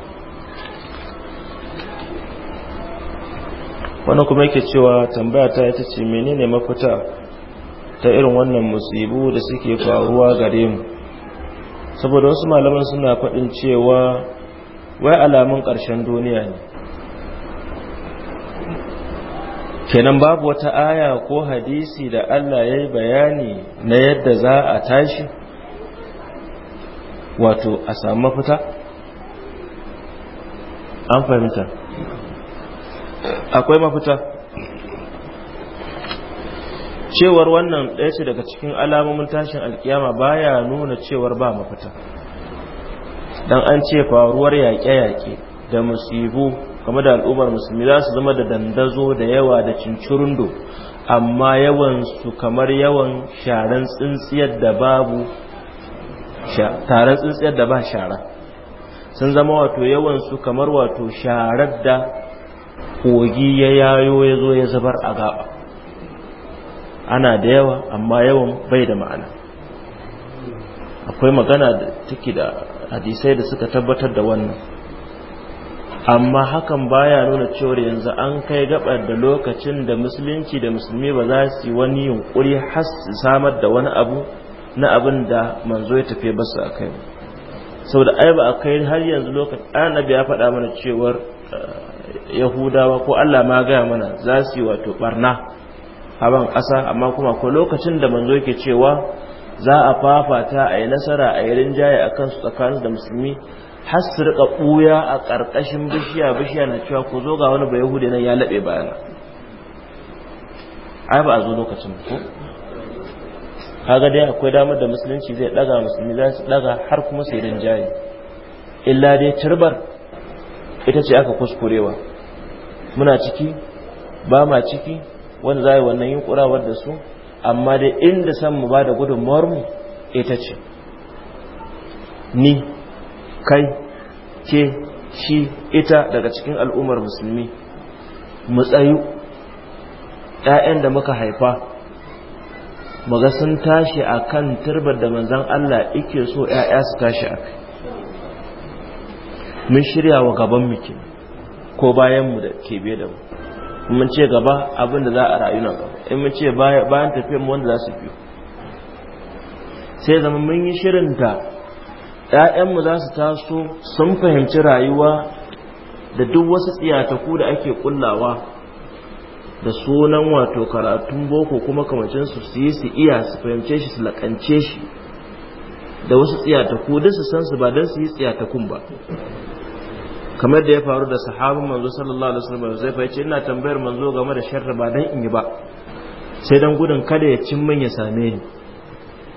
wani kuma yake cewa tambaya ta ita ce ne mafita ta irin wannan musibu da suke faruwa gare mu saboda wasu malaman suna faɗin cewa wai alamun ƙarshen duniya ne kenan babu wata aya ko hadisi da Allah ya yi bayani na yadda za a tashi wato a samu mafita an fahimta akwai mafita cewar wannan ɗaya ce daga cikin alamomin tashin alkiyama baya nuna cewar ba mafita don an ce faruwar yaƙe-yaƙe da musibu game da al'ummar musulmi za su zama da dandazo da yawa da cincirundo amma yawan su kamar yawan sharan tsintsiyar da babu taron tsintsiyar da ba shara sun zama wato yawan su kamar wato sharar da kogi ya yayo ya zo ya zubar a gaba ana da yawa amma yawan bai da ma'ana akwai magana da take da hadisai da suka tabbatar da wannan amma hakan baya nuna cewar yanzu an kai gabar da lokacin da musulunci da musulmi ba za su yi wani yunkuri har su samar da wani abu na abin da manzo ya tafi ba su akai saboda ai ba akai har yanzu lokacin annabi ya faɗa mana cewar eh, yahudawa ko Allah ma gaya mana za su yi wato barna a ban ƙasa amma kuma ko lokacin da manzo yake cewa za a fafata a yi nasara a yi rinjaye a kansu tsakanin da musulmi har su rika ɓuya a ƙarƙashin bishiya bishiya na cewa ku zo ga wani bayahude nan ya laɓe bayana ai ba a zo lokacin ko kaga dai akwai damar da musulunci zai ɗaga musulmi za su ɗaga har kuma su sai rinjaye illa dai turbar ita ce aka kuskurewa muna ciki ba ma ciki wanda za yi wannan yunkurawar da su amma dai inda san mu ba da gudunmawar mu ita ce ni kai ke shi ita daga cikin al'ummar musulmi mu tsayu ‘ya'yan da muka haifa muga sun tashi a kan turbar da manzan Allah ike so ‘ya'ya su tashi a kai mun shirya wa gaban miki ko bayanmu da ke biye da mu mun ce gaba abin da za a rayu na gaba in mun ce bayan tafiyar mu wanda za su biyu sai zama mun yi shirin da ‘ya'yanmu za su taso sun fahimci rayuwa da duk wasu tsiyataku da ake kullawa da sunan wato karatun boko kuma kamacinsu su yi su iya su fahimce shi su laƙance shi da wasu tsiyataku duk su san su ba don su yi tsiyatakun ba kamar da ya faru da sahabin manzo sallallahu alaihi wasallam zai fa ce ina tambayar manzo game da sharri ba dan in yi ba sai dan gudun kada ya cin min ya same ni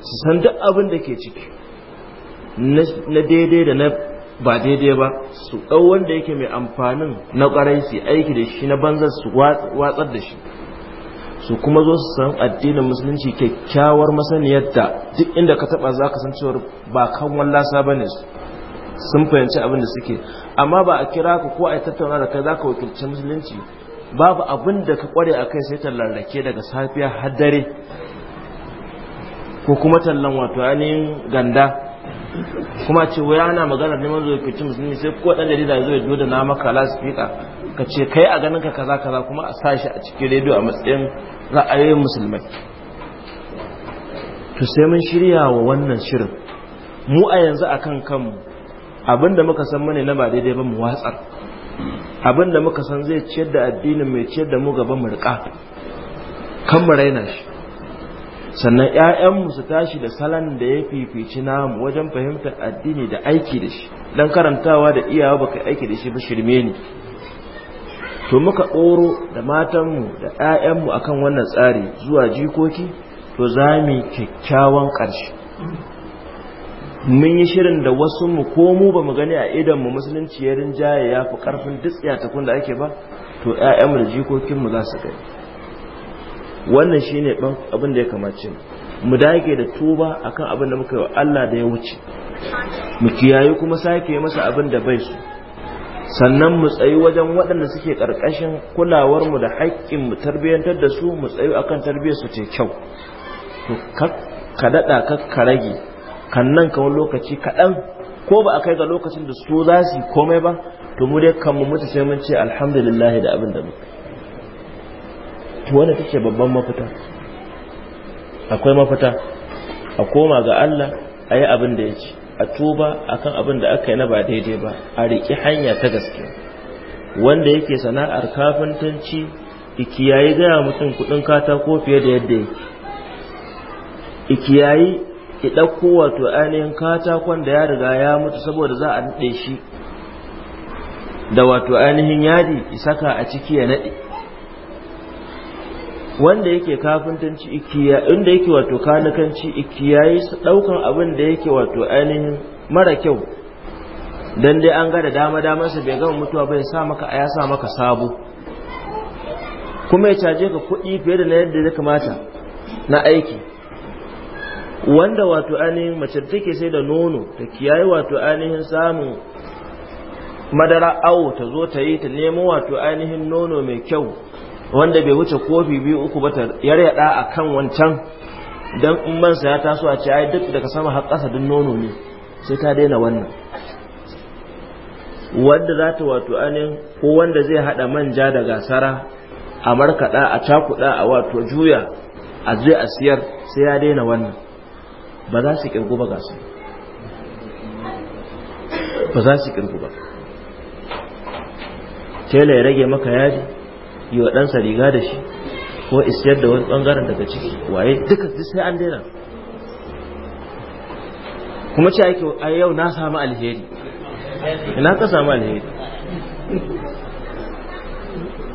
su san duk abin da ke ciki na daidai da na ba daidai ba su ɗau wanda yake mai amfanin na ƙwarai su aiki da shi na banzar su watsar da shi su kuma zo su san addinin musulunci kyakkyawar masaniyar da duk inda ka taɓa za ka san cewar ba kan wallasa ba ne su sun fahimci abin da suke amma ba a kira ka ko a yi tattauna da kai za ka wakilci musulunci babu abin da ka kware a kai sai tallan rake daga safiya har dare ko kuma tallan wato ainihin ganda kuma ce wai ana magana neman zo ka ci musulmi sai ko dan jarida zo ya doda na maka speaker ka ce kai a ganin ka kaza kaza kuma a sashi a cikin rediyo a matsayin ra'ayoyin musulmai to sai mun shirya wa wannan shirin mu a yanzu akan kanmu abinda muka san ne na ba daidai ba mu watsar abinda muka san zai ciyar da addinin mai ciyar da mu gaban mu riƙa kan mu raina shi sannan ‘ya'yanmu su tashi da salon da ya fifici namu wajen fahimtar addini da aiki da shi don karantawa da iyawa baka aiki da shi ba shirme ne to muka ƙoro da matanmu da ‘ya'yanmu akan wannan tsari zuwa jikoki to za mu kyakkyawan ƙarshe mun yi shirin da wasu mu ko mu ba mu gani a idan mu musulunci ya rinjaye ya fi ƙarfin duk tsiyatakun da ake ba to ‘ya'yanmu da jikokinmu za su gani wannan shine ban abin da ya kamace mu dage da tuba akan abin da muka yi wa Allah da ya wuce mu kiyaye kuma sake masa abin da bai su. sannan mu tsayi wajen waɗanda suke ƙarƙashin kulawar mu da haƙƙin mu tarbiyyantar da su mu tsayi akan tarbiyyar su ce kyau to ka daɗa ka ka rage kan nan kamar lokaci kaɗan ko ba a kai ga lokacin da su za su yi komai ba to mu dai kan mu mutu sai mun ce alhamdulillah da abin da muka to wanda take babban mafita akwai mafita a koma ga Allah a yi abin da ya ce a tuba akan abin da aka yi na ba daidai ba a riƙi hanya ta gaske wanda yake sana'ar kafintanci ikiyayi gaya mutum kuɗin katako fiye da yadda yake ikiyayi ki ɗauko wato ainihin katakon da ya riga ya mutu saboda za a naɗe shi da wato ainihin yadi ki saka a ciki ya naɗe wanda yake kafintanci ikiya inda yake wato kanakanci yi su daukan abin da yake wato ainihin mara kyau dan dai an ga da dama damansa bai gama mutuwa bai sa maka ya sa maka sabo kuma ya caje ka kuɗi fiye da na yadda ya kamata na aiki wanda wato ainihin mace take sai da nono ta kiyaye wato ainihin samun madara awo ta zo ta yi ta nemo wato ainihin nono mai kyau wanda bai wuce kofi biyu uku ba ta yaryada a kan wancan don in mansa ya taso a ce ai duk daga sama har ƙasa duk nono ne sai ta daina wannan wanda za ta wato anin ko wanda zai haɗa manja da gasara a markaɗa a cakuɗa a wato juya a je a siyar sai ya daina wannan ba za su ƙirgu ba gasu ba za su ƙirgu ba tela ya rage maka yaji yi wa ɗansa riga da shi ko isiyar da wani ɓangaren daga ciki waye duka duk sai an daina kuma ce ake a yau na samu alheri ina ka samu alheri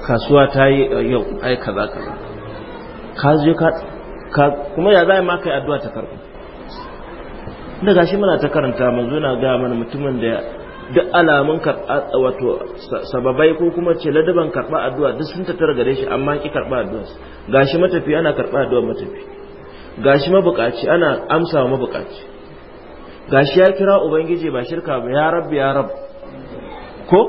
kasuwa ta yi yau ai ka za ka je ka kuma ya za ma kai addu'a ta karɓa daga shi muna ta karanta manzo na ga mana mutumin da duk alamun karɓa wato sababai ko kuma ce ladaban karɓa addu'a duk sun tattara gare shi amma ki karɓa addu'a gashi matafi ana karɓa addu'a matafi gashi mabukaci ana amsa wa mabukaci gashi ya kira ubangiji ba shirka ba ya rabbi ya rab ko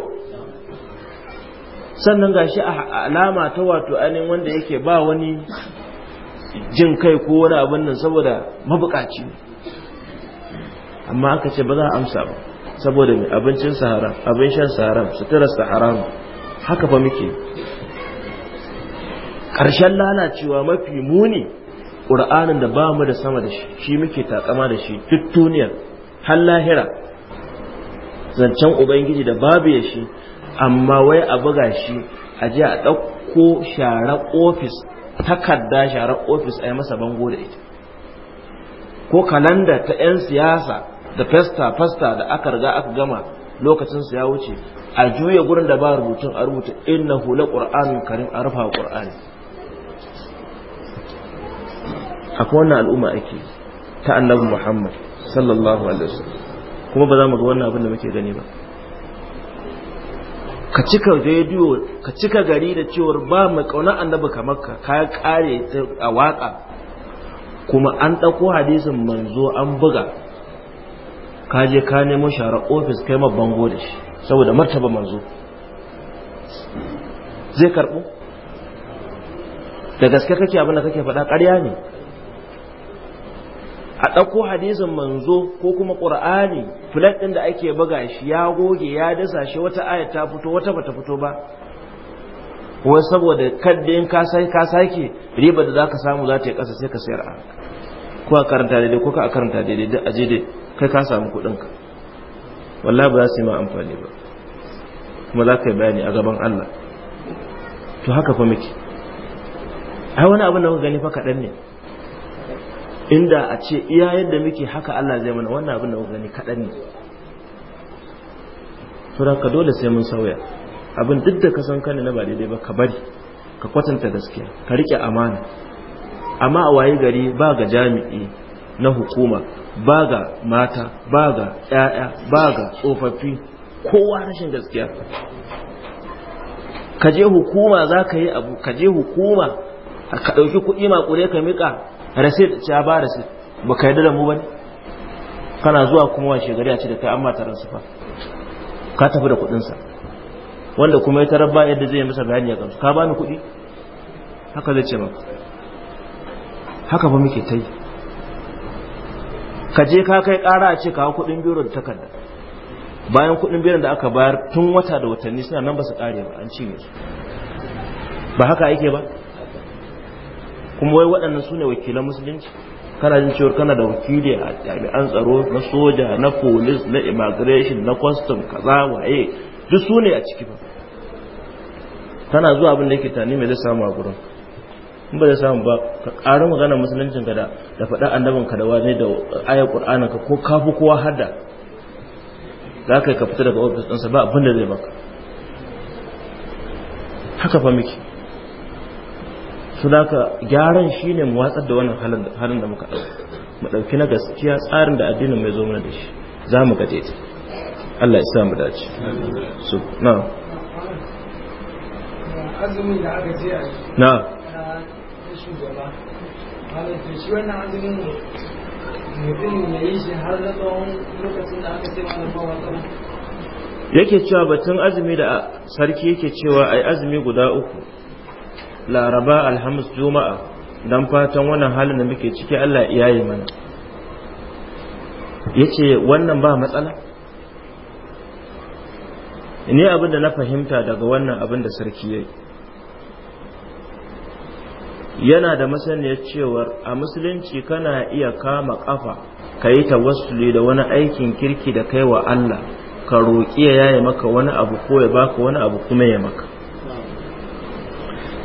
sannan gashi alama ta wato ainihin wanda yake ba wani jin kai ko wani abin nan saboda mabukaci amma aka ce ba za a amsa ba saboda mai abincin sahara abin shan sahara suturarsa haram haka fa muke ƙarshen lalacewa mafi muni ƙur'anin da ba mu da sama da shi shi muke takama da shi duk duniyar har lahira zancen ubangiji da babu ya shi amma wai a buga shi a je a ɗauko shara ofis takarda sharar ofis a yi masa bango da ita ko kalanda ta 'yan siyasa da festa festa da aka riga aka gama lokacin sa ya wuce a juya gurin da ba rubutun a rubuta innahu la qur'anun karim a rufa qur'ani akwai wannan al'umma ake ta annabi muhammad sallallahu alaihi wasallam kuma ba za mu ga wannan abin da muke gani ba ka cika rediyo ka cika gari da cewar ba mai kauna annabi kamar ka ka kare a waka kuma an ɗauko hadisin manzo an buga ka je ka nemo shara ofis kai ma bango da shi saboda martaba manzo zai karɓo da gaske kake abin da kake faɗa ƙarya ne a ɗauko hadisin manzo ko kuma ƙur'ani filat ɗin da ake buga shi ya goge ya dasa shi wata aya ta fito wata bata fito ba wai saboda kadda ka sake riba da zaka samu za ta yi ƙasa sai ka sayar a ko a karanta daidai ko ka a karanta daidai a je kai ka samu ka. wallahi ba za su yi ma amfani ba kuma za ka yi bayani a gaban Allah to haka fa muke ai wani abin da kuka gani fa kaɗan ne inda a ce iya yadda muke haka Allah zai mana wannan abin da kuka gani kaɗan ne to ka dole sai mun sauya abin duk da ka san kana na ba daidai ba ka bari ka kwatanta gaskiya ka riƙe amana amma a waye gari ba ga jami'i na hukuma ba ga mata ba ga ƴaƴa ba ga tsofaffi kowa rashin gaskiya ka je hukuma za ka yi abu ka je hukuma ka ɗauki kuɗi maƙure ka miƙa rasid ce ba rasid ba ka yi da mu ba ne kana zuwa kuma wa shekaru a ce da kai an ta ransu fa ka tafi da kuɗinsa wanda kuma ya tarar ba yadda zai yi masa bayani ya gamsu ka bani kuɗi haka zai ce maka haka ba muke ta yi ka je ka kai kara a ce ka kawo kuɗin biro da takarda bayan kuɗin biro da aka bayar tun wata da watanni suna nan ba su kare ba an cinye su ba haka yake ba kuma wai waɗannan su ne wakilan musulunci kana jin cewar kana da wakili a jami'an tsaro na soja na polis na immigration na custom kaza waye duk su ne a ciki ba Tana zuwa abin da yake tani mai zai samu a gurin in ba zai samu ba ka ƙara magana musuluncin ka da da faɗa annabin ka da wani da ayar qur'anin ka ko kafu kowa hadda za ka yi ka fita daga ofis ɗinsa ba abin da zai baka haka fa miki su ka gyaran shi ne mu watsar da wannan halin da muka ɗauka mu ɗauki na gaskiya tsarin da addinin mai zo mana da shi za mu gaje ta Allah ya sa mu dace su na azumin da aka je a na yake cewa batun azumi da sarki yake cewa ai azumi guda uku laraba alhamis juma'a don fatan wannan halin da muke ciki allah ya yi mana ya ce wannan ba matsala ne abin da na fahimta daga wannan abin da sarki ya yana da masaniyar cewar a musulunci kana iya kama kafa ka yi tawassuli da wani aikin kirki da kai wa Allah ka roƙi ya yaye maka wani abu ko ya baka wani abu kuma ya maka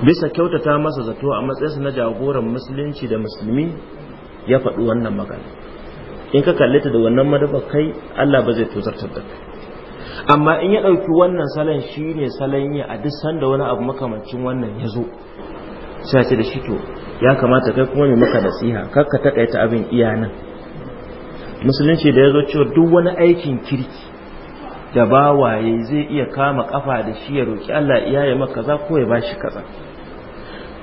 bisa kyautata masa zato a matsayinsa na jagoran musulunci da musulmi ya faɗi wannan magana in ka kalli ta da wannan madafa kai Allah ba zai tozarta da kai amma in ya ɗauki wannan salon shine salon yi a duk sanda wani abu makamancin wannan ya zo sace da shi to ya kamata kai kuma mai maka nasiha kar ka takaita abin iya musulunci da ya zo cewa duk wani aikin kirki da bawaye zai iya kama kafa da shi ya roki Allah iya ya maka za ko ya bashi kaza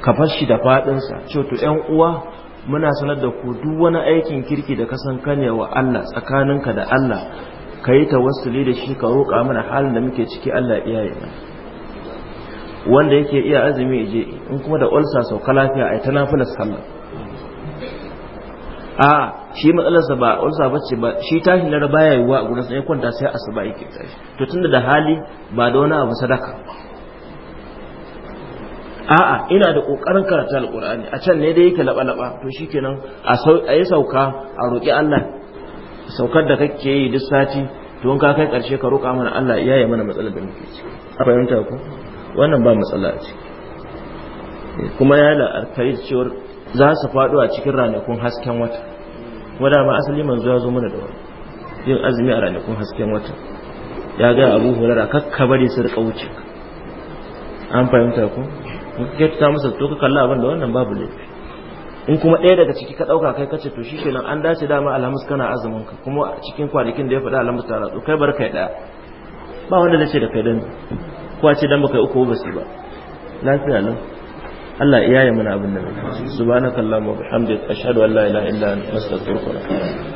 ka shi da sa cewa to ƴan uwa muna sanar da ku duk wani aikin kirki da ka san kane wa Allah tsakaninka da Allah ka yi tawassuli da shi ka roƙa mana halin da muke ciki Allah iya ya wanda yake iya azumi je in kuma da ulsa sauka lafiya yi ta nafilar sallah a shi matsalarsa ba ulsa bace ba shi tashi na baya yi wa a gurin sai kwanta sai asuba yake tashi to tunda da hali ba da wani abu sadaka a'a ina da kokarin karanta alqur'ani a can ne da yake laba laba to shikenan a yi sauka a roki Allah saukar da kake yi duk sati to in ka kai karshe ka roka mana Allah ya yi mana matsalar da muke ciki a fahimta ku wannan ba matsala a ciki kuma ya la'arkari cewar za su faɗo a cikin ranakun hasken wata wadda ma asali manzo ya zo mana da wani yin azumi a ranakun hasken wata ya ga abu hulara kakka bari su rika wuce an fahimta ku in ka ta masa to ka kalla abin da wannan babu laifi in kuma ɗaya daga ciki ka ɗauka kai kace to shi kenan an dace dama alhamis kana azumin ka kuma cikin kwanakin da ya faɗa alhamis ta ratsu kai bar kai ɗaya ba wanda zai ce da kai dan ko ce dan baka uku ba su ba lafiya nan Allah iya yi mana abin da mai subhanakallahumma wa bihamdika ashhadu an la ilaha illa anta astaghfiruka wa atubu